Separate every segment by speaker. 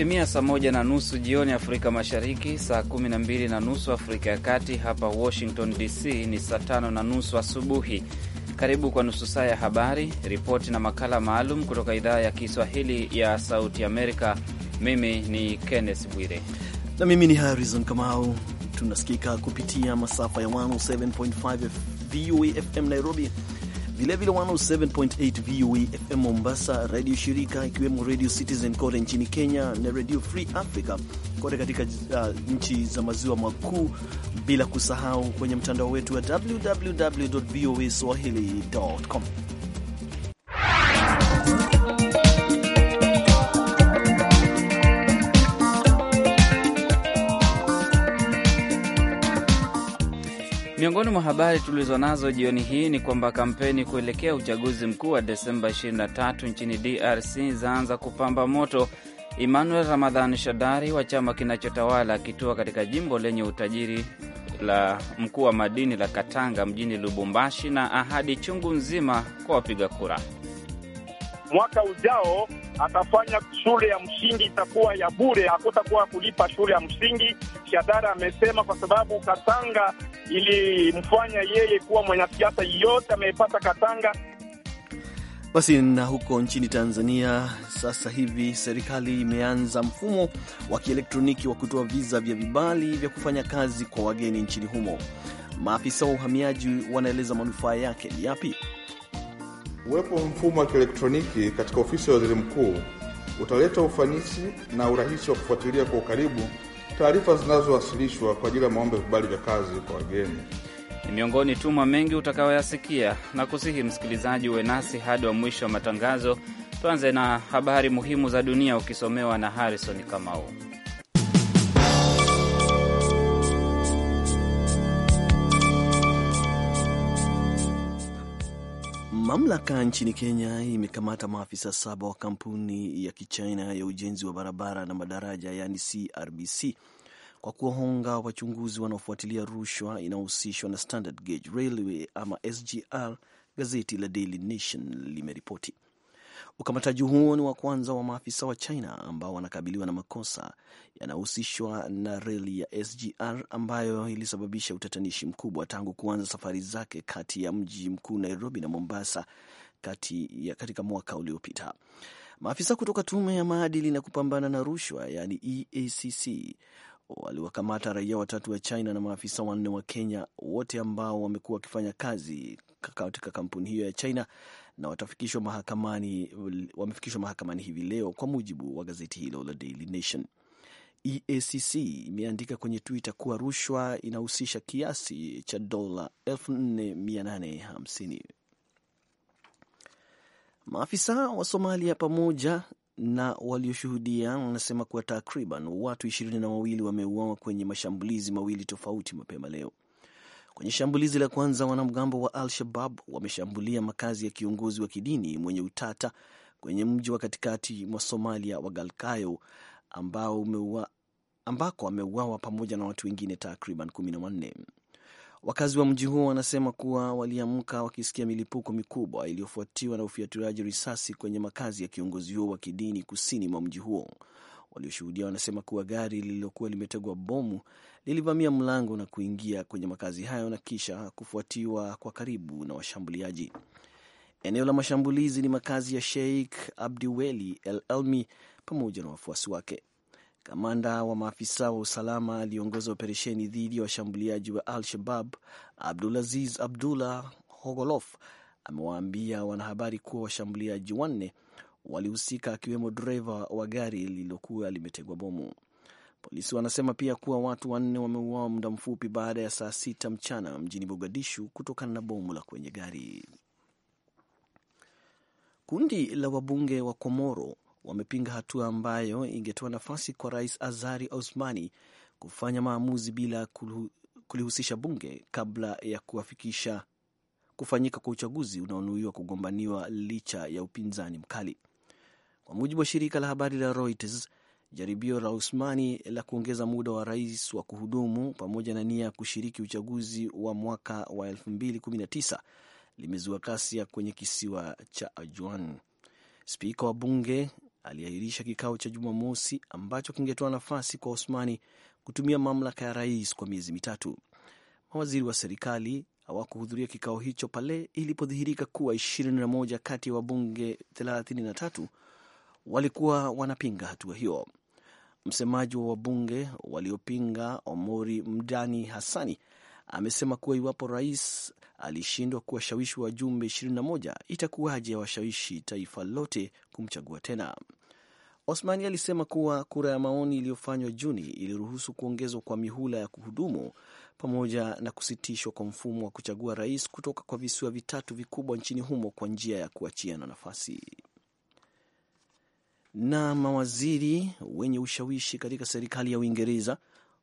Speaker 1: Imetimia saa moja na nusu jioni Afrika Mashariki, saa kumi na mbili na nusu Afrika ya Kati. Hapa Washington DC ni saa tano na nusu asubuhi. Karibu kwa nusu saa ya habari, ripoti na makala maalum kutoka idhaa ya Kiswahili ya Sauti Amerika. Mimi ni Kenneth Bwire
Speaker 2: na mimi ni Harrison Kamau. Tunasikika kupitia masafa ya 107.5 VOA FM Nairobi vilevile 107.8 VOA FM Mombasa, redio shirika ikiwemo Radio Citizen kote nchini Kenya na Radio Free Africa kote katika uh, nchi za maziwa makuu, bila kusahau kwenye mtandao wetu wa www voa e swahili.com.
Speaker 1: Miongoni mwa habari tulizo nazo jioni hii ni kwamba kampeni kuelekea uchaguzi mkuu wa Desemba 23 nchini DRC zaanza kupamba moto, Emmanuel Ramadhan Shadari wa chama kinachotawala akitua katika jimbo lenye utajiri la mkuu wa madini la Katanga mjini Lubumbashi na ahadi chungu nzima kwa wapiga kura
Speaker 3: mwaka ujao atafanya shule ya msingi itakuwa ya bure, hakutakuwa kulipa shule ya msingi. Shadara amesema kwa sababu Katanga ilimfanya yeye kuwa mwanasiasa, yote amepata Katanga.
Speaker 2: Basi na huko nchini Tanzania sasa hivi serikali imeanza mfumo wa kielektroniki wa kutoa viza vya vibali vya kufanya kazi kwa wageni nchini humo. Maafisa wa uhamiaji wanaeleza manufaa yake ni yapi?
Speaker 4: Uwepo wa mfumo wa kielektroniki katika ofisi ya waziri mkuu utaleta ufanisi na urahisi wa kufuatilia kwa ukaribu taarifa zinazowasilishwa kwa ajili ya maombi ya vibali vya kazi kwa wageni.
Speaker 1: Ni miongoni tu mwa mengi utakayoyasikia na kusihi msikilizaji uwe nasi hadi wa mwisho wa matangazo. Tuanze na habari muhimu za dunia ukisomewa na Harrison Kamau.
Speaker 2: Mamlaka nchini Kenya imekamata maafisa saba wa kampuni ya kichina ya ujenzi wa barabara na madaraja yaani CRBC kwa kuwahonga wachunguzi wanaofuatilia rushwa inayohusishwa na Standard Gauge Railway ama SGR, gazeti la Daily Nation limeripoti. Ukamataji huo ni wa kwanza wa maafisa wa China ambao wanakabiliwa na makosa yanahusishwa na reli ya SGR ambayo ilisababisha utatanishi mkubwa tangu kuanza safari zake kati ya mji mkuu Nairobi na Mombasa kati ya katika mwaka uliopita. Maafisa kutoka tume ya maadili na kupambana na rushwa yaani EACC waliwakamata raia watatu wa China na maafisa wanne wa Kenya, wote ambao wamekuwa wakifanya kazi katika kampuni hiyo ya China na watafikishwa mahakamani, wamefikishwa mahakamani hivi leo kwa mujibu wa gazeti hilo la Daily Nation. EACC imeandika kwenye Twitter kuwa rushwa inahusisha kiasi cha dola 4850. Maafisa wa Somalia pamoja na walioshuhudia wanasema kuwa takriban watu ishirini na wawili wameuawa kwenye mashambulizi mawili tofauti mapema leo. Kwenye shambulizi la kwanza, wanamgambo wa Al-Shabab wameshambulia makazi ya kiongozi wa kidini mwenye utata kwenye mji wa katikati mwa Somalia wa Galkayo ambao umeua, ambako ameuawa pamoja na watu wengine takriban kumi na wanne. Wakazi wa mji huo wanasema kuwa waliamka wakisikia milipuko mikubwa iliyofuatiwa na ufiaturaji risasi kwenye makazi ya kiongozi huo wa kidini kusini mwa mji huo Walioshuhudia wanasema kuwa gari lililokuwa limetegwa bomu lilivamia mlango na kuingia kwenye makazi hayo na kisha kufuatiwa kwa karibu na washambuliaji. Eneo la mashambulizi ni makazi ya Sheikh Abdiweli El Elmi pamoja na wafuasi wake. Kamanda wa maafisa wa usalama aliongoza operesheni dhidi ya washambuliaji wa Al-Shabab, Abdulaziz Abdullah Hogolof, amewaambia wanahabari kuwa washambuliaji wanne walihusika akiwemo dreva wa gari lililokuwa limetegwa bomu. Polisi wanasema pia kuwa watu wanne wameuawa muda mfupi baada ya saa sita mchana mjini Mogadishu kutokana na bomu la kwenye gari. Kundi la wabunge wa Komoro wamepinga hatua ambayo ingetoa nafasi kwa Rais Azari Osmani kufanya maamuzi bila kulihusisha bunge kabla ya kuwafikisha kufanyika kwa uchaguzi unaonuiwa kugombaniwa licha ya upinzani mkali. Kwa mujibu wa shirika la habari la Reuters, jaribio la Usmani la kuongeza muda wa rais wa kuhudumu pamoja na nia ya kushiriki uchaguzi wa mwaka wa 2019 limezua ghasia kwenye kisiwa cha Ajuan. Spika wa bunge aliahirisha kikao cha Jumamosi ambacho kingetoa nafasi kwa Osmani kutumia mamlaka ya rais kwa miezi mitatu. Mawaziri wa serikali hawakuhudhuria kikao hicho pale ilipodhihirika kuwa 21 kati ya wabunge 33 walikuwa wanapinga hatua hiyo. Msemaji wa wabunge waliopinga Omori Mdani Hassani amesema kuwa iwapo rais alishindwa kuwashawishi wajumbe 21 itakuwaje washawishi taifa lote kumchagua tena? Osmani alisema kuwa kura ya maoni iliyofanywa Juni iliruhusu kuongezwa kwa mihula ya kuhudumu pamoja na kusitishwa kwa mfumo wa kuchagua rais kutoka kwa visiwa vitatu vikubwa nchini humo kwa njia ya kuachiana nafasi na mawaziri wenye ushawishi katika serikali ya Uingereza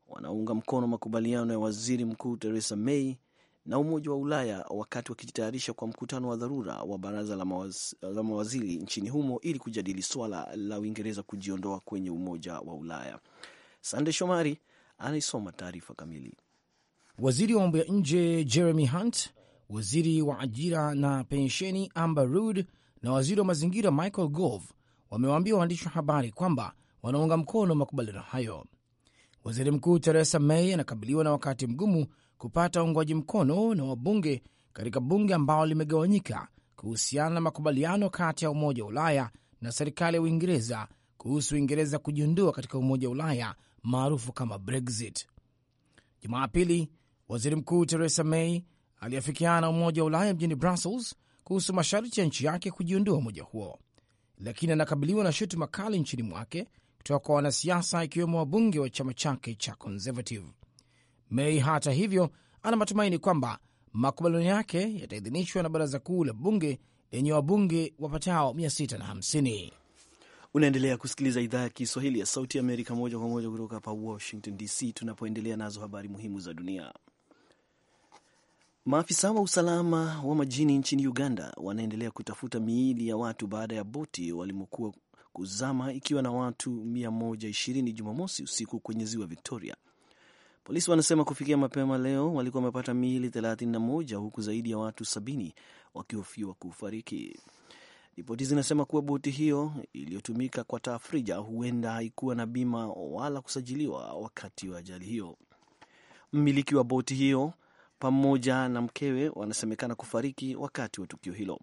Speaker 2: wanaunga mkono makubaliano ya waziri mkuu Theresa May na Umoja wa Ulaya wakati wakijitayarisha kwa mkutano wa dharura wa baraza la, mawaz, la mawaziri nchini humo ili kujadili swala la Uingereza kujiondoa kwenye Umoja wa Ulaya. Sande Shomari
Speaker 5: anaisoma taarifa kamili. Waziri wa mambo ya nje Jeremy Hunt, waziri wa ajira na pensheni Amber Rudd na waziri wa mazingira Michael Gove wamewaambia waandishi wa habari kwamba wanaunga mkono makubaliano hayo. Waziri Mkuu Theresa May anakabiliwa na wakati mgumu kupata uungwaji mkono na wabunge katika bunge ambalo limegawanyika kuhusiana na makubaliano kati ya Umoja wa Ulaya na serikali ya Uingereza kuhusu Uingereza kujiondoa katika Umoja wa Ulaya maarufu kama Brexit. Jumapili, waziri mkuu Theresa May aliafikiana na Umoja wa Ulaya mjini Brussels kuhusu masharti ya nchi yake kujiondoa umoja huo lakini anakabiliwa na shutuma kali nchini mwake kutoka kwa wanasiasa ikiwemo wabunge wa chama chake cha Conservative. May hata hivyo, ana matumaini kwamba makubaliano yake yataidhinishwa na baraza kuu la bunge lenye wabunge wapatao 650.
Speaker 2: Unaendelea kusikiliza idhaa ya Kiswahili ya Sauti ya Amerika moja kwa moja kutoka hapa Washington DC, tunapoendelea nazo habari muhimu za dunia. Maafisa wa usalama wa majini nchini Uganda wanaendelea kutafuta miili ya watu baada ya boti walimokuwa kuzama ikiwa na watu 120 Jumamosi usiku kwenye ziwa Victoria. Polisi wanasema kufikia mapema leo walikuwa wamepata miili 31 huku zaidi ya watu 70 wakihofiwa kufariki. Ripoti zinasema kuwa boti hiyo iliyotumika kwa tafrija huenda haikuwa na bima wala kusajiliwa wakati wa ajali hiyo. Mmiliki wa boti hiyo pamoja na mkewe wanasemekana kufariki wakati wa tukio hilo.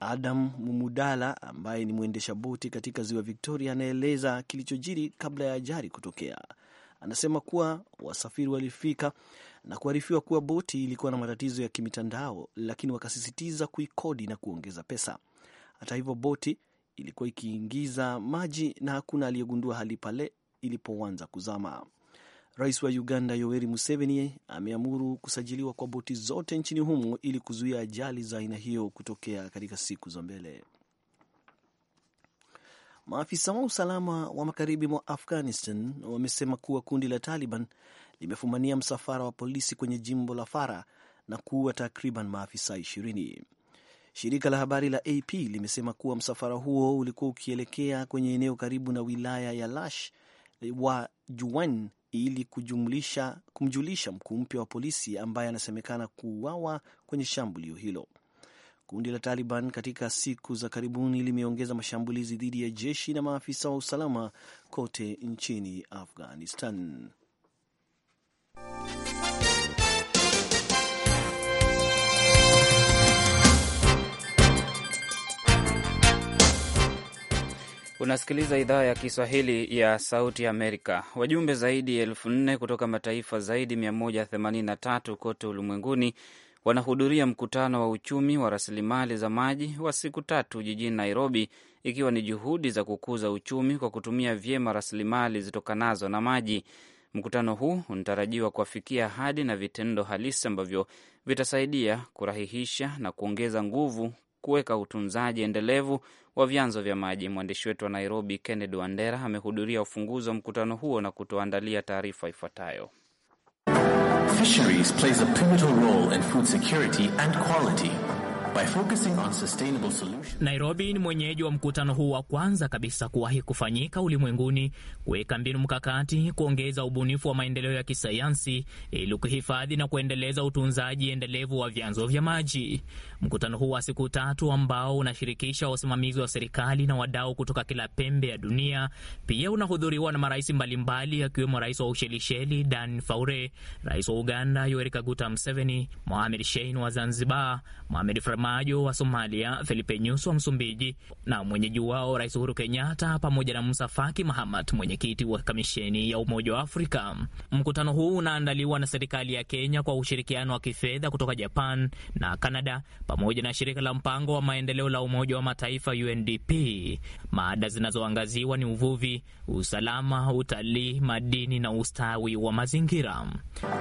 Speaker 2: Adam Mumudala ambaye ni mwendesha boti katika ziwa Victoria anaeleza kilichojiri kabla ya ajali kutokea. Anasema kuwa wasafiri walifika na kuarifiwa kuwa boti ilikuwa na matatizo ya kimitandao, lakini wakasisitiza kuikodi na kuongeza pesa. Hata hivyo, boti ilikuwa ikiingiza maji na hakuna aliyegundua hali pale ilipoanza kuzama. Rais wa Uganda Yoweri Museveni ameamuru kusajiliwa kwa boti zote nchini humo ili kuzuia ajali za aina hiyo kutokea katika siku za mbele. Maafisa wa usalama wa magharibi mwa Afghanistan wamesema kuwa kundi la Taliban limefumania msafara wa polisi kwenye jimbo la Fara na kuua takriban maafisa ishirini. Shirika la habari la AP limesema kuwa msafara huo ulikuwa ukielekea kwenye eneo karibu na wilaya ya Lash wa Juwan ili kujumlisha, kumjulisha mkuu mpya wa polisi ambaye anasemekana kuuawa kwenye shambulio hilo. Kundi la Taliban katika siku za karibuni limeongeza mashambulizi dhidi ya jeshi na maafisa wa usalama kote nchini Afghanistan.
Speaker 1: Unasikiliza idhaa ya Kiswahili ya Sauti Amerika. Wajumbe zaidi ya elfu nne kutoka mataifa zaidi 183 kote ulimwenguni wanahudhuria mkutano wa uchumi wa rasilimali za maji wa siku tatu jijini Nairobi, ikiwa ni juhudi za kukuza uchumi kwa kutumia vyema rasilimali zitokanazo na maji. Mkutano huu unatarajiwa kuafikia ahadi na vitendo halisi ambavyo vitasaidia kurahihisha na kuongeza nguvu kuweka utunzaji endelevu wa vyanzo vya maji. Mwandishi wetu wa Nairobi, Kennedy Wandera, amehudhuria ufunguzi wa mkutano huo na kutoandalia taarifa ifuatayo.
Speaker 6: Fisheries plays a pivotal role in food security
Speaker 2: and quality. By focusing on sustainable solutions.
Speaker 7: Nairobi ni mwenyeji wa mkutano huu wa kwanza kabisa kuwahi kufanyika ulimwenguni kuweka mbinu mkakati kuongeza ubunifu wa maendeleo ya kisayansi ili kuhifadhi na kuendeleza utunzaji endelevu wa vyanzo vya maji. Mkutano huu wa siku tatu ambao unashirikisha wasimamizi wa serikali na wadau kutoka kila pembe ya dunia pia unahudhuriwa na marais mbalimbali akiwemo rais wa Ushelisheli Dan Faure, rais wa Uganda Yoweri Kaguta Museveni, Mohamed Shein wa Zanzibar, Mohamed Farmajo wa Somalia, felipe Nyusu wa Msumbiji na mwenyeji wao Rais Uhuru Kenyatta, pamoja na Musa Faki Mahamat, mwenyekiti wa kamisheni ya Umoja wa Afrika. Mkutano huu unaandaliwa na serikali ya Kenya kwa ushirikiano wa kifedha kutoka Japan na Kanada pamoja na shirika la mpango wa maendeleo la Umoja wa Mataifa UNDP. Mada zinazoangaziwa ni uvuvi, usalama, utalii, madini na ustawi wa mazingira.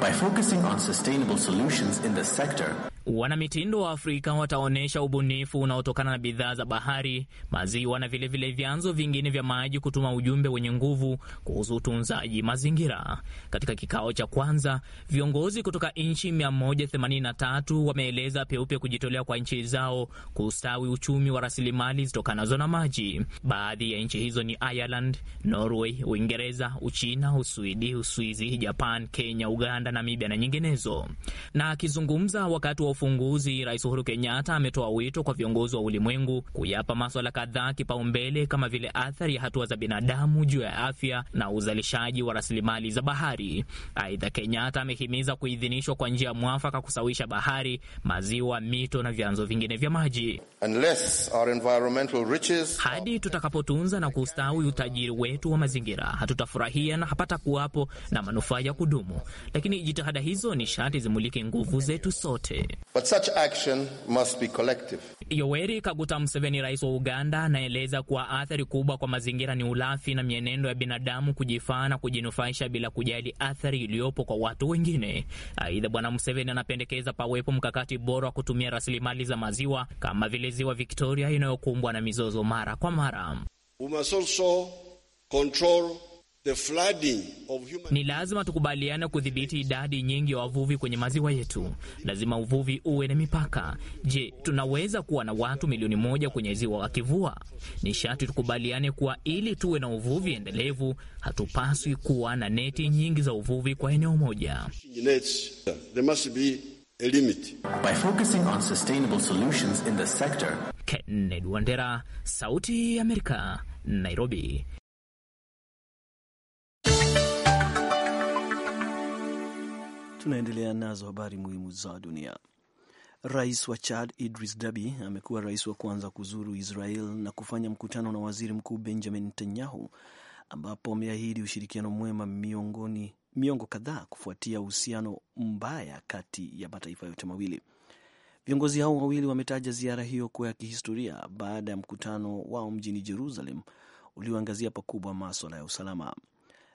Speaker 7: By focusing on sustainable solutions in sector, Wanamitindo wa Afrika wataonyesha ubunifu unaotokana na bidhaa za bahari, maziwa na vilevile vyanzo vingine vya maji kutuma ujumbe wenye nguvu kuhusu utunzaji mazingira. Katika kikao cha kwanza, viongozi kutoka nchi 183 wameeleza peupe kujitolea kwa nchi zao kustawi uchumi wa rasilimali zitokanazo na maji. Baadhi ya nchi hizo ni Ireland, Norway, Uingereza, Uchina, Uswidi, Uswizi, Japan, Kenya, Uganda, Namibia na nyinginezo. Na akizungumza wakati wa ufunguzi, Rais Uhuru Kenyatta ametoa wito kwa viongozi wa ulimwengu kuyapa maswala kadhaa kipaumbele kama vile athari ya hatua za binadamu juu ya afya na uzalishaji wa rasilimali za bahari. Aidha, Kenyatta amehimiza kuidhinishwa kwa njia ya mwafaka kusawisha bahari, maziwa, mito na vyanzo vingine vya maji riches... hadi tutakapotunza na kustawi utajiri wetu wa mazingira, hatutafurahia na hapata kuwapo na manufaa ya kudumu, lakini jitihada hizo ni sharti zimulike nguvu zetu sote.
Speaker 3: But such
Speaker 4: action must be collective.
Speaker 7: Yoweri Kaguta Museveni, rais wa Uganda, anaeleza kuwa athari kubwa kwa mazingira ni ulafi na mienendo ya binadamu kujifaa na kujinufaisha bila kujali athari iliyopo kwa watu wengine. Aidha, Bwana Museveni anapendekeza pawepo mkakati bora wa kutumia rasilimali za maziwa kama vile ziwa Victoria inayokumbwa na mizozo mara kwa mara.
Speaker 4: We must also control Human...
Speaker 7: ni lazima tukubaliane kudhibiti idadi nyingi ya wa wavuvi kwenye maziwa yetu. Lazima uvuvi uwe na mipaka. Je, tunaweza kuwa na watu milioni moja kwenye ziwa wakivua? Ni sharti tukubaliane kuwa ili tuwe na uvuvi endelevu, hatupaswi kuwa na neti nyingi za uvuvi kwa eneo moja. Kennedy Wandera, Sauti ya Amerika, Nairobi.
Speaker 2: Tunaendelea nazo habari muhimu za dunia. Rais wa Chad Idris Deby amekuwa rais wa kwanza kuzuru Israel na kufanya mkutano na waziri mkuu Benjamin Netanyahu, ambapo ameahidi ushirikiano mwema miongoni miongo kadhaa kufuatia uhusiano mbaya kati ya mataifa yote mawili. Viongozi hao wawili wametaja ziara hiyo kuwa ya kihistoria baada ya mkutano wao mjini Jerusalem ulioangazia pakubwa maswala ya usalama.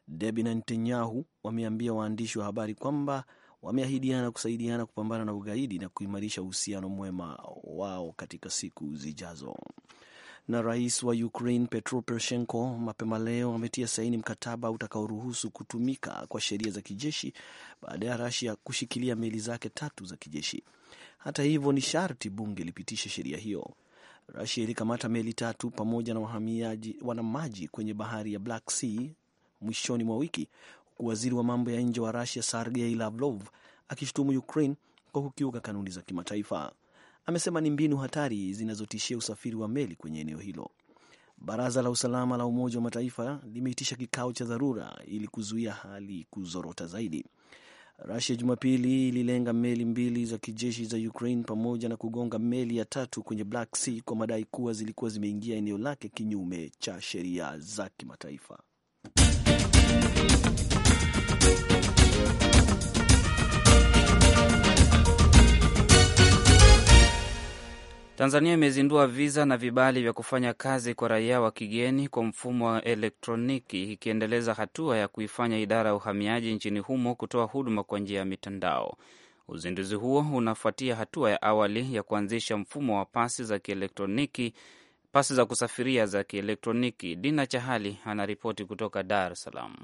Speaker 2: Debi na Netanyahu wameambia waandishi wa habari kwamba wameahidiana kusaidiana kupambana na ugaidi na kuimarisha uhusiano mwema wao katika siku zijazo. Na rais wa Ukraine Petro Poroshenko mapema leo ametia saini mkataba utakaoruhusu kutumika kwa sheria za kijeshi baada ya rasia kushikilia meli zake tatu za kijeshi. Hata hivyo, ni sharti bunge lipitishe sheria hiyo. rasia ilikamata meli tatu pamoja na wahamiaji wanamaji kwenye bahari ya Black Sea mwishoni mwa wiki, huku waziri wa mambo ya nje wa Rusia Sergei Lavrov akishutumu Ukraine kwa kukiuka kanuni za kimataifa. Amesema ni mbinu hatari zinazotishia usafiri wa meli kwenye eneo hilo. Baraza la usalama la Umoja wa Mataifa limeitisha kikao cha dharura ili kuzuia hali kuzorota zaidi. Rusia Jumapili ililenga meli mbili za kijeshi za Ukraine pamoja na kugonga meli ya tatu kwenye Black Sea kwa madai kuwa zilikuwa zimeingia eneo lake kinyume cha sheria za kimataifa.
Speaker 1: Tanzania imezindua viza na vibali vya kufanya kazi kwa raia wa kigeni kwa mfumo wa elektroniki ikiendeleza hatua ya kuifanya idara ya uhamiaji nchini humo kutoa huduma kwa njia ya mitandao. Uzinduzi huo unafuatia hatua ya awali ya kuanzisha mfumo wa pasi za kielektroniki pasi za kusafiria za kielektroniki. Dina Chahali anaripoti kutoka Dar es Salaam.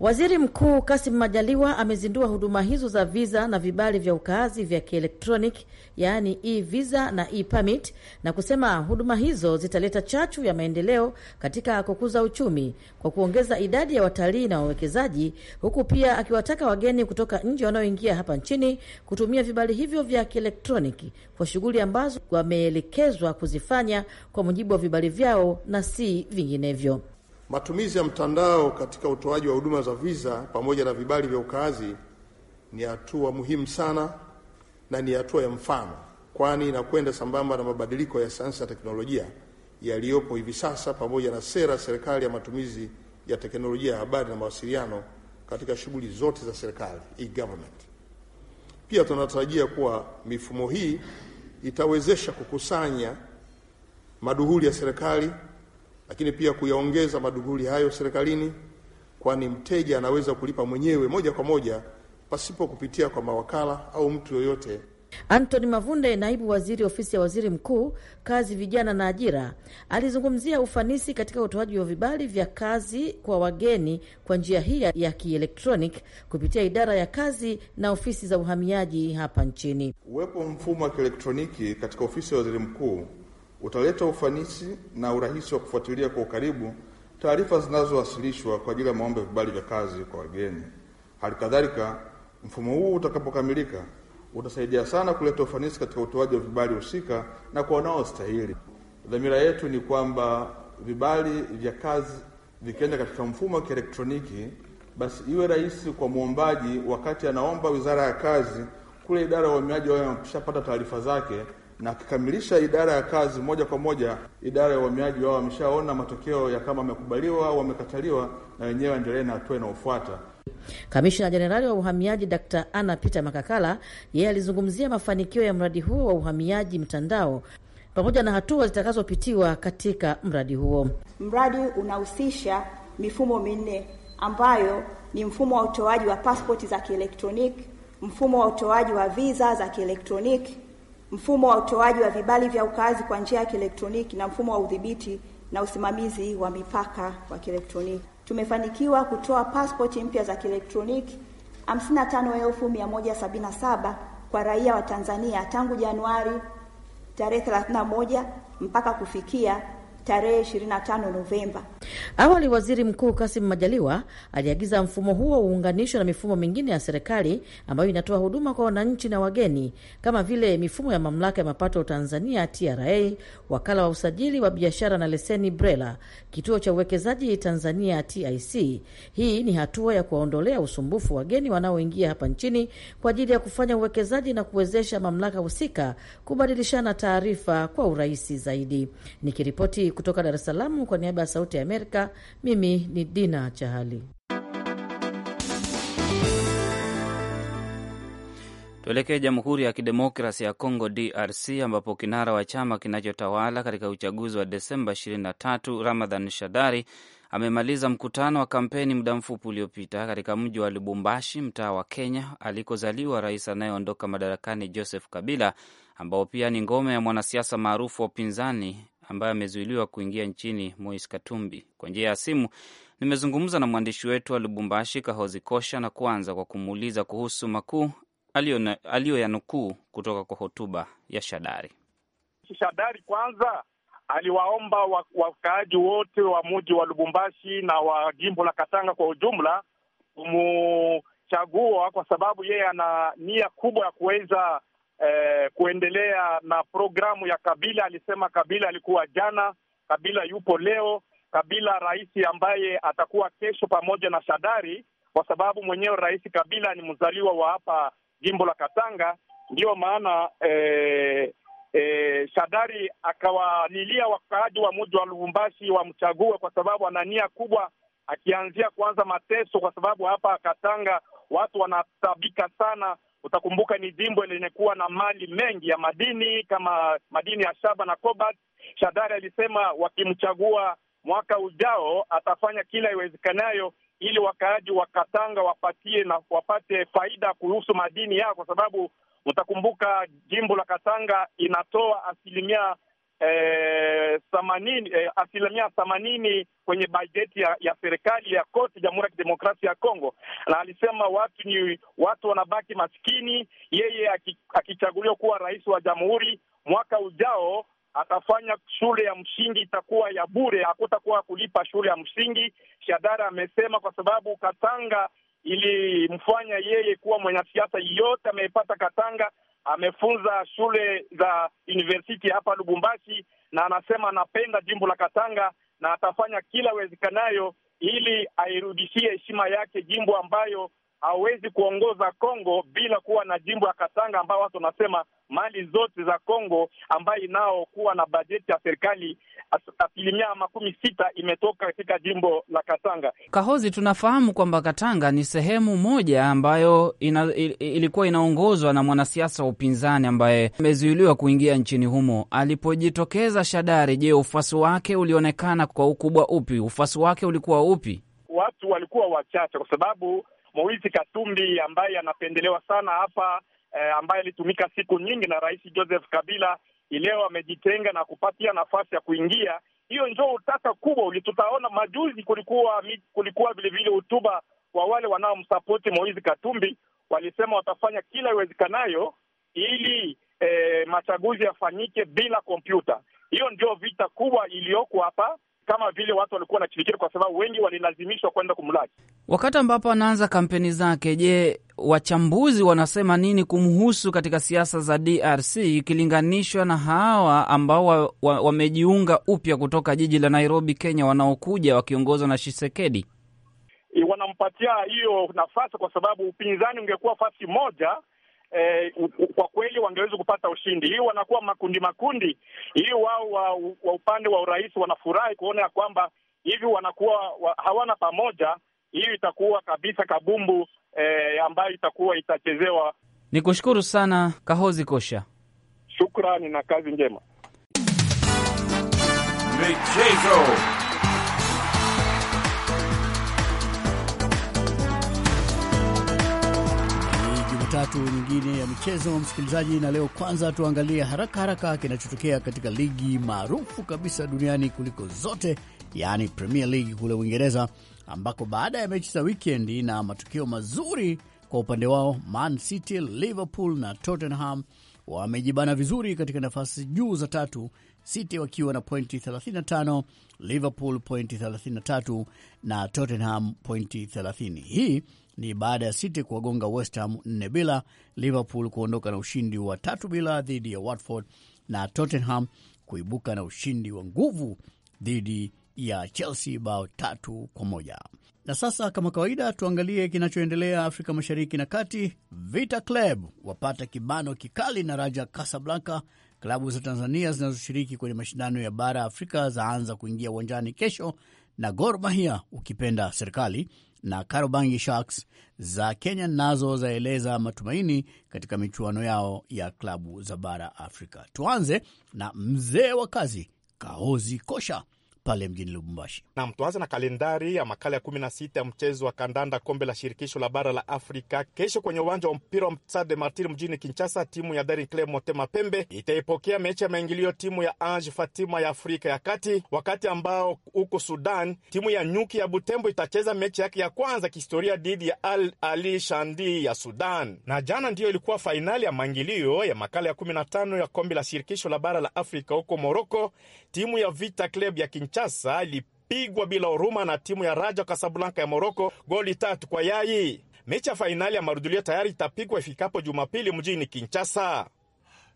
Speaker 8: Waziri Mkuu Kasim Majaliwa amezindua huduma hizo za viza na vibali vya ukaazi vya kielektroniki, yaani e-visa na e-permit, na kusema huduma hizo zitaleta chachu ya maendeleo katika kukuza uchumi kwa kuongeza idadi ya watalii na wawekezaji, huku pia akiwataka wageni kutoka nje wanaoingia hapa nchini kutumia vibali hivyo vya kielektroniki kwa shughuli ambazo wameelekezwa kuzifanya kwa mujibu wa vibali vyao na si vinginevyo.
Speaker 4: Matumizi ya mtandao katika utoaji wa huduma za visa pamoja na vibali vya ukaazi ni hatua muhimu sana na ni hatua ya mfano, kwani inakwenda sambamba na mabadiliko ya sayansi na teknolojia yaliyopo hivi sasa pamoja na sera serikali ya matumizi ya teknolojia ya habari na mawasiliano katika shughuli zote za serikali e-government. Pia tunatarajia kuwa mifumo hii itawezesha kukusanya maduhuli ya serikali lakini pia kuyaongeza madughuli hayo serikalini, kwani mteja anaweza kulipa mwenyewe moja kwa moja pasipo kupitia kwa mawakala au mtu yoyote.
Speaker 8: Antony Mavunde, naibu waziri ofisi ya waziri mkuu, kazi, vijana na ajira, alizungumzia ufanisi katika utoaji wa vibali vya kazi kwa wageni kwa njia hii ya kielektroniki kupitia idara ya kazi na ofisi za uhamiaji hapa nchini.
Speaker 4: Uwepo mfumo wa kielektroniki katika ofisi ya waziri mkuu utaleta ufanisi na urahisi wa kufuatilia kwa ukaribu taarifa zinazowasilishwa kwa ajili ya maombi ya vibali vya kazi kwa wageni. Hali kadhalika, mfumo huu utakapokamilika utasaidia sana kuleta ufanisi katika utoaji wa vibali husika na kwa wanaostahili. Dhamira yetu ni kwamba vibali vya kazi vikienda katika mfumo wa kielektroniki, basi iwe rahisi kwa mwombaji wakati anaomba Wizara ya Kazi kule idara ya uhamiaji, wao wameshapata taarifa zake na akikamilisha idara ya kazi moja kwa moja, idara ya uhamiaji wao wameshaona matokeo ya kama wamekubaliwa au wamekataliwa, na wenyewe waendelee na hatua inayofuata.
Speaker 8: kamishina Jenerali wa Uhamiaji Dkt Anna Peter Makakala yeye alizungumzia mafanikio ya mradi huo wa uhamiaji mtandao pamoja na hatua zitakazopitiwa katika mradi huo. Mradi unahusisha mifumo minne ambayo ni mfumo wa utoaji wa paspoti za kielektroniki, mfumo wa utoaji wa viza za kielektroniki mfumo wa utoaji wa vibali vya ukaazi kwa njia ya kielektroniki na mfumo wa udhibiti na usimamizi wa mipaka wa kielektroniki. Tumefanikiwa kutoa pasipoti mpya za kielektroniki 55,177 kwa raia wa Tanzania tangu Januari tarehe 31 mpaka kufikia tarehe 25 Novemba Awali waziri mkuu Kasim Majaliwa aliagiza mfumo huo uunganishwe na mifumo mingine ya serikali ambayo inatoa huduma kwa wananchi na wageni kama vile mifumo ya mamlaka ya mapato Tanzania TRA, wakala wa usajili wa biashara na leseni BRELA, kituo cha uwekezaji Tanzania TIC. Hii ni hatua ya kuwaondolea usumbufu wageni wanaoingia hapa nchini kwa ajili ya kufanya uwekezaji na kuwezesha mamlaka husika kubadilishana taarifa kwa urahisi zaidi. Nikiripoti kutoka Dar es Salaam kwa niaba ya Sauti ya Amerika. Mimi ni Dina Chahali.
Speaker 1: Tuelekee Jamhuri ya Kidemokrasi ya congo DRC, ambapo kinara wa chama kinachotawala katika uchaguzi wa Desemba 23 Ramadhan Shadari amemaliza mkutano wa kampeni muda mfupi uliopita katika mji wa Lubumbashi, mtaa wa Kenya alikozaliwa rais anayeondoka madarakani Joseph Kabila, ambao pia ni ngome ya mwanasiasa maarufu wa upinzani ambaye amezuiliwa kuingia nchini mois Katumbi. Kwa njia ya simu nimezungumza na mwandishi wetu wa Lubumbashi, Kahozi Kosha, na kuanza kwa kumuuliza kuhusu makuu aliyoyanukuu kutoka kwa hotuba ya Shadari.
Speaker 3: Shadari kwanza aliwaomba wakaaji wote wa muji wa Lubumbashi na wa jimbo la Katanga kwa ujumla kumuchagua, kwa sababu yeye ana nia kubwa ya kuweza eh, kuendelea na programu ya Kabila. Alisema Kabila alikuwa jana, Kabila yupo leo, Kabila rais ambaye atakuwa kesho pamoja na Shadari, kwa sababu mwenyewe Rais Kabila ni mzaliwa wa hapa jimbo la Katanga. Ndiyo maana eh, eh, Shadari akawalilia wakaaji wa muji wa Lubumbashi wamchague, kwa sababu ana nia kubwa, akianzia kuanza mateso, kwa sababu hapa Katanga watu wanatabika sana Utakumbuka ni jimbo lenye na mali mengi ya madini kama madini ya shaba na cobalt. Shadari alisema wakimchagua mwaka ujao atafanya kila iwezekanayo ili wakaaji wa Katanga wapatie na wapate faida kuhusu madini yao, kwa sababu utakumbuka jimbo la Katanga inatoa asilimia eh, themanini eh, asilimia themanini kwenye bajeti ya, ya serikali ya koti Jamhuri ya Kidemokrasia ya Kongo, na alisema watu ni watu wanabaki maskini. Yeye akichaguliwa kuwa rais wa jamhuri mwaka ujao atafanya shule ya msingi itakuwa ya bure, hakutakuwa kulipa shule ya msingi. Shadara amesema kwa sababu Katanga ilimfanya yeye kuwa mwanasiasa, yote amepata Katanga amefunza shule za university hapa Lubumbashi, na anasema anapenda jimbo la Katanga na atafanya kila wezekanayo ili airudishie heshima yake jimbo ambayo hawezi kuongoza Kongo bila kuwa na jimbo ya Katanga ambayo watu wanasema mali zote za Kongo ambayo inaokuwa na bajeti ya serikali asilimia makumi sita imetoka katika jimbo la
Speaker 1: Katanga. Kahozi, tunafahamu kwamba Katanga ni sehemu moja ambayo ina, ilikuwa inaongozwa na mwanasiasa wa upinzani ambaye amezuiliwa kuingia nchini humo. Alipojitokeza Shadari, je, ufuasi wake ulionekana kwa ukubwa upi? Ufuasi wake ulikuwa upi?
Speaker 3: Watu walikuwa wachache kwa sababu Moizi Katumbi ambaye anapendelewa sana hapa eh, ambaye alitumika siku nyingi na Rais Joseph Kabila, ileo amejitenga na kupatia nafasi ya kuingia. Hiyo njo utata kubwa ulitutaona majuzi. Kulikuwa kulikuwa vilevile hutuba wa wale wanaomsapoti moisi Katumbi, walisema watafanya kila iwezekanayo ili eh, machaguzi yafanyike bila kompyuta. Hiyo ndio vita kubwa iliyoko hapa kama vile watu walikuwa wanashirikia, kwa sababu wengi
Speaker 1: walilazimishwa kwenda kumlaki wakati ambapo anaanza kampeni zake. Je, wachambuzi wanasema nini kumhusu katika siasa za DRC ikilinganishwa na hawa ambao wamejiunga wa, wa upya kutoka jiji la Nairobi, Kenya, wanaokuja wakiongozwa na Shisekedi?
Speaker 3: E, wanampatia hiyo nafasi kwa sababu upinzani ungekuwa fasi moja eh, kwa kweli wangeweza kupata ushindi. Hii wanakuwa makundi makundi, ili wao wa, wa upande wa urais wanafurahi kuona ya kwamba hivi wanakuwa wa, hawana pamoja. Hiyo itakuwa kabisa kabumbu eh, ambayo itakuwa itachezewa.
Speaker 1: Ni kushukuru sana Kahozi Kosha,
Speaker 3: shukrani na kazi njema.
Speaker 1: Michezo.
Speaker 6: tatu nyingine ya michezo, msikilizaji, na leo kwanza tuangalie haraka haraka kinachotokea katika ligi maarufu kabisa duniani kuliko zote, yaani Premier League kule Uingereza, ambako baada ya mechi za wikendi na matukio mazuri kwa upande wao, Man City, Liverpool na Tottenham wamejibana vizuri katika nafasi juu za tatu, City wakiwa na pointi 35, Liverpool pointi 33 na Tottenham pointi 30. Hii ni baada ya City kuwagonga West Ham nne bila, Liverpool kuondoka na ushindi wa tatu bila dhidi ya Watford na Tottenham kuibuka na ushindi wa nguvu dhidi ya Chelsea bao tatu kwa moja. Na sasa kama kawaida, tuangalie kinachoendelea Afrika Mashariki na Kati. Vita Club wapata kibano kikali na Raja Casablanca. Klabu za Tanzania zinazoshiriki kwenye mashindano ya bara ya Afrika zaanza kuingia uwanjani kesho na Gor Mahia ukipenda serikali na Karobangi Sharks za Kenya nazo zaeleza matumaini katika michuano yao ya klabu za bara Afrika. Tuanze na mzee wa kazi Kaozi Kosha pale mjini Lubumbashi.
Speaker 9: Nam, tuanze na kalendari ya makala ya kumi na sita ya mchezo wa kandanda kombe la shirikisho la bara la Afrika. Kesho kwenye uwanja wa mpira wa msade Martir mjini Kinshasa, timu ya Daring Club Motema Pembe itaipokea mechi ya maingilio timu ya Ange Fatima ya Afrika ya Kati, wakati ambao huko Sudan timu ya Nyuki ya Butembo itacheza mechi yake ya kwanza kihistoria dhidi ya Al Ali Shandi ya Sudan. Na jana ndiyo ilikuwa fainali ya maingilio ya makala ya 15 ya kombe la shirikisho la bara la Afrika huko Moroko, timu ya Vita Club ya Kinshasa Kinshasa ilipigwa bila huruma na timu ya Raja Kasablanka ya Moroko goli tatu kwa yai. Mechi ya fainali ya marudulio tayari itapigwa ifikapo Jumapili mjini Kinshasa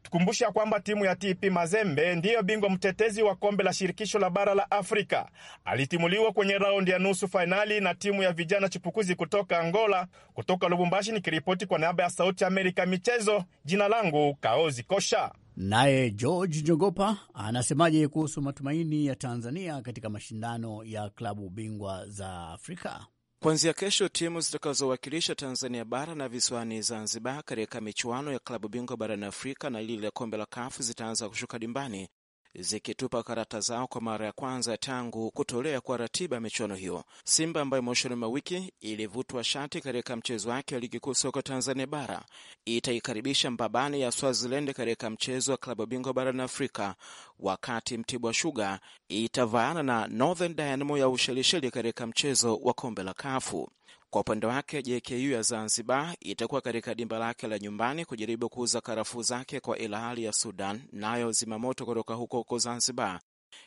Speaker 9: tukumbusha ya kwamba timu ya TP Mazembe ndiyo bingwa mtetezi wa kombe la shirikisho la bara la Afrika. Alitimuliwa kwenye raundi ya nusu fainali na timu ya vijana chipukuzi kutoka Angola. Kutoka Lubumbashi nikiripoti kwa niaba ya Sauti Amerika michezo, jina langu Kaozi Kosha.
Speaker 6: Naye George Njogopa anasemaje kuhusu matumaini ya Tanzania katika mashindano ya klabu bingwa za Afrika?
Speaker 10: Kuanzia kesho timu zitakazowakilisha Tanzania bara na visiwani Zanzibar katika michuano ya klabu bingwa barani Afrika na lile la kombe la Kafu zitaanza kushuka dimbani zikitupa karata zao kwa mara ya kwanza tangu kutolea kwa ratiba ya michuano hiyo. Simba ambayo mwishoni mwa wiki ilivutwa shati katika mchezo wake wa ligi kuu soka Tanzania bara itaikaribisha Mbabane ya Swaziland katika mchezo wa klabu bingwa barani Afrika, wakati Mtibwa Shuga itavaana na Northern Dynamo ya Ushelisheli katika mchezo wa kombe la Kafu. Kwa upande wake JKU ya Zanzibar itakuwa katika dimba lake la nyumbani kujaribu kuuza karafuu zake kwa ilahali ya Sudan, nayo na zimamoto kutoka huko huko Zanzibar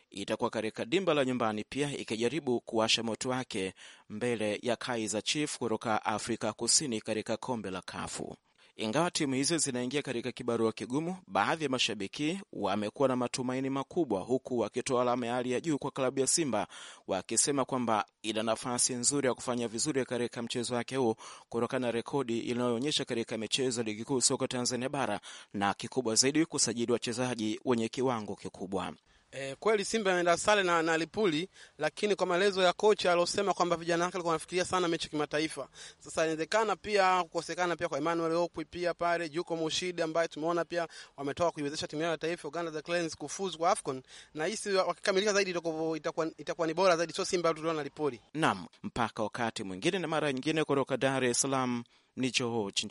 Speaker 10: itakuwa katika dimba la nyumbani pia ikijaribu kuwasha moto wake mbele ya Kaizer Chiefs kutoka Afrika Kusini katika kombe la Kafu. Ingawa timu hizo zinaingia katika kibarua kigumu, baadhi ya mashabiki wamekuwa na matumaini makubwa, huku wakitoa alama ya hali ya juu kwa klabu ya Simba wakisema kwamba ina nafasi nzuri ya kufanya vizuri katika mchezo wake huo kutokana na rekodi inayoonyesha katika michezo ya ligi kuu soka Tanzania bara na kikubwa zaidi kusajili wachezaji wenye kiwango kikubwa. E, kweli Simba imeenda sare na, na Lipuli, lakini kwa maelezo ya kocha aliosema kwamba vijana wake walikuwa wanafikiria sana mechi kimataifa. Sasa inawezekana pia kukosekana pia kwa Emmanuel Okwi pia pale Juko Mushidi ambaye tumeona pia wametoka kuiwezesha timu yao ya taifa Uganda the Cranes kufuzu kwa AFCON na hisi wakikamilisha zaidi itakuwa itakuwa, itakuwa ni bora zaidi, sio Simba tu na Lipuli. Naam, mpaka wakati mwingine na mara nyingine kutoka Dar es Salaam ni George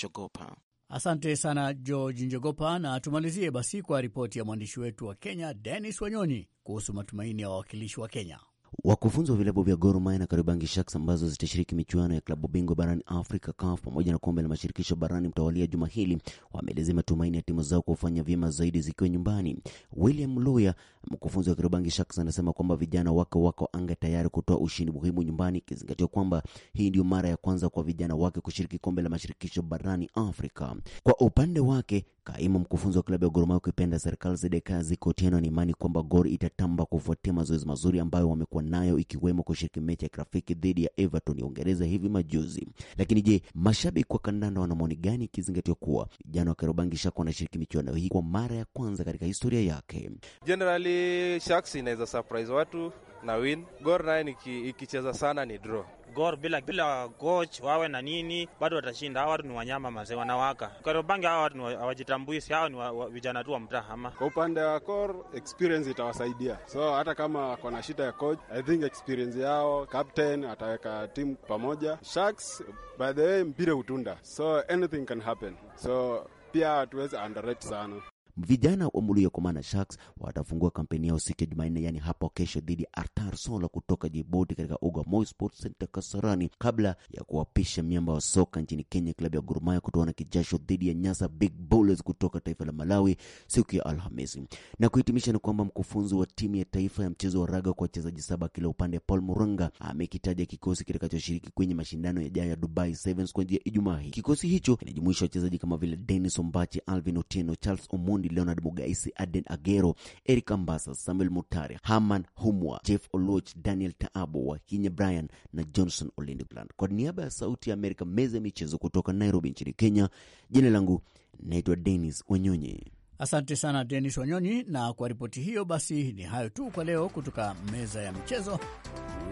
Speaker 6: Asante sana George Njogopa, na tumalizie basi kwa ripoti ya mwandishi wetu wa Kenya denis Wanyonyi kuhusu matumaini ya wawakilishi wa Kenya.
Speaker 10: Wakufunzi
Speaker 11: wa vilabu vya Gor Mahia na Kariobangi Sharks ambazo zitashiriki michuano ya klabu bingwa barani Afrika CAF pamoja na kombe la mashirikisho barani mtawalia juma hili wameelezea matumaini ya timu zao kufanya vyema zaidi zikiwa nyumbani. William Luya, mkufunzi wa Kariobangi Sharks, anasema kwamba vijana wake wako anga tayari kutoa ushindi muhimu nyumbani, ikizingatiwa kwamba hii ndio mara ya kwanza kwa vijana wake kushiriki kombe la mashirikisho barani Afrika. Kwa upande wake, kaimu mkufunzi wa klabu ya Gor Mahia ukipenda serikali Zedekazi Kotieno, ni imani kwamba Gor itatamba kufuatia mazoezi mazuri ambayo wamekuwa nayo ikiwemo kushiriki mechi ya kirafiki dhidi ya Everton ya Uingereza hivi majuzi. Lakini je, mashabiki wa kandanda wana maoni gani ikizingatiwa kuwa jana wa Kariobangi wanashiriki anashiriki michuano hii kwa mara ya kwanza katika historia yake?
Speaker 5: Generally Sharks inaweza surprise watu na win. Gor naye ikicheza sana ni draw gor bila bila coach wawe na nini, bado watashinda. Hawa watu ni wanyama mazee, wanawaka Karobangi. Hawa watu hawajitambui, si hawa ni vijana tu wa mtaa. Ama kwa
Speaker 10: upande wa kor experience itawasaidia, so hata kama kona shida ya coach, I think experience yao captain ataweka timu pamoja. Sharks by the way, mpira utunda, so anything can happen, so pia hatuwezi underrate sana.
Speaker 11: Vijana wa Mluyakomana Sharks watafungua kampeni yao siku ya Jumanne, yaani hapo kesho, dhidi ya Artar Sola kutoka Djibouti katika uga wa Moi Sports Center Kasarani, kabla ya kuwapisha miamba wa soka nchini Kenya, klabu ya Gor Mahia kutoana kijasho dhidi ya Nyasa Big Bullets kutoka taifa la Malawi siku ya Alhamisi. Na kuhitimisha ni kwamba mkufunzi wa timu ya taifa ya mchezo wa raga kwa wachezaji saba kila upande, Paul Muranga amekitaja kikosi kitakachoshiriki kwenye mashindano yajayo ya Dubai Sevens kuanzia Ijumaa hii. Kikosi hicho kinajumuisha wachezaji kama vile Dennis Ombachi, Alvin Otieno, Charles Omun Omondi, Leonard Mugaisi, Aden Agero, Eric Ambasa, Samuel Mutare, Haman Humwa, Jeff Oloch, Daniel Taabo, Wahinya Brian na Johnson Olindland. Kwa niaba ya Sauti ya Amerika, meza ya michezo kutoka Nairobi nchini Kenya, jina langu naitwa Denis Wanyonyi.
Speaker 6: Asante sana Denis Wanyonyi, na kwa ripoti hiyo basi ni hayo tu kwa leo kutoka meza ya michezo.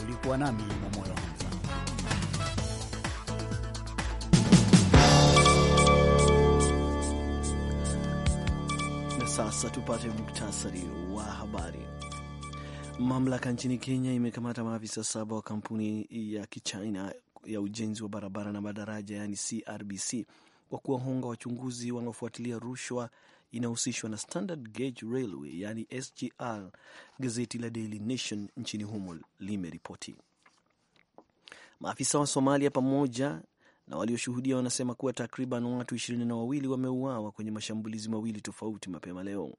Speaker 6: Ulikuwa nami Mwamoyo Hamza.
Speaker 2: Sasa tupate muktasari wa habari. Mamlaka nchini Kenya imekamata maafisa saba wa kampuni ya kichina ya ujenzi wa barabara na madaraja yaani CRBC kwa kuwahonga wachunguzi wanaofuatilia rushwa inahusishwa na Standard Gauge Railway yaani SGR, gazeti la Daily Nation nchini humo limeripoti. Maafisa wa Somalia pamoja na walioshuhudia wanasema kuwa takriban watu ishirini na wawili wameuawa kwenye mashambulizi mawili tofauti mapema leo.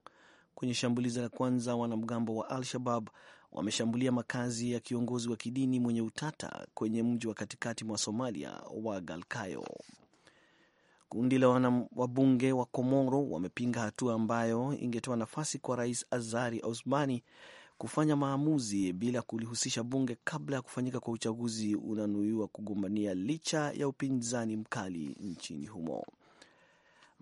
Speaker 2: Kwenye shambulizi la kwanza, wanamgambo wa Al-Shabab wameshambulia makazi ya kiongozi wa kidini mwenye utata kwenye mji wa katikati mwa Somalia wa Galkayo. Kundi la wabunge wa Komoro wamepinga hatua ambayo ingetoa nafasi kwa Rais Azari Osmani kufanya maamuzi bila kulihusisha bunge kabla ya kufanyika kwa uchaguzi unanuiwa kugombania licha ya upinzani mkali nchini humo.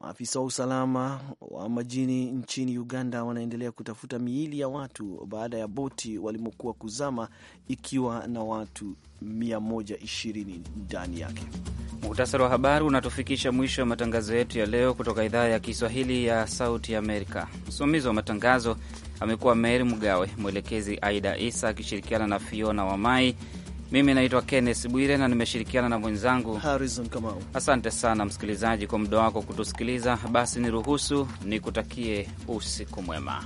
Speaker 2: Maafisa wa usalama wa majini nchini Uganda wanaendelea kutafuta miili ya watu baada ya boti walimokuwa kuzama ikiwa na watu 120 ndani yake.
Speaker 1: Muhtasari wa habari unatufikisha mwisho wa matangazo yetu ya leo kutoka idhaa ya Kiswahili ya Sauti Amerika. Msimamizi wa matangazo amekuwa Meri Mgawe, mwelekezi Aida Isa akishirikiana na Fiona Wamai. Mimi naitwa Kenneth Bwire na nimeshirikiana na mwenzangu Harrison Kamau. Asante sana msikilizaji kwa muda wako kutusikiliza. Basi niruhusu nikutakie usiku mwema.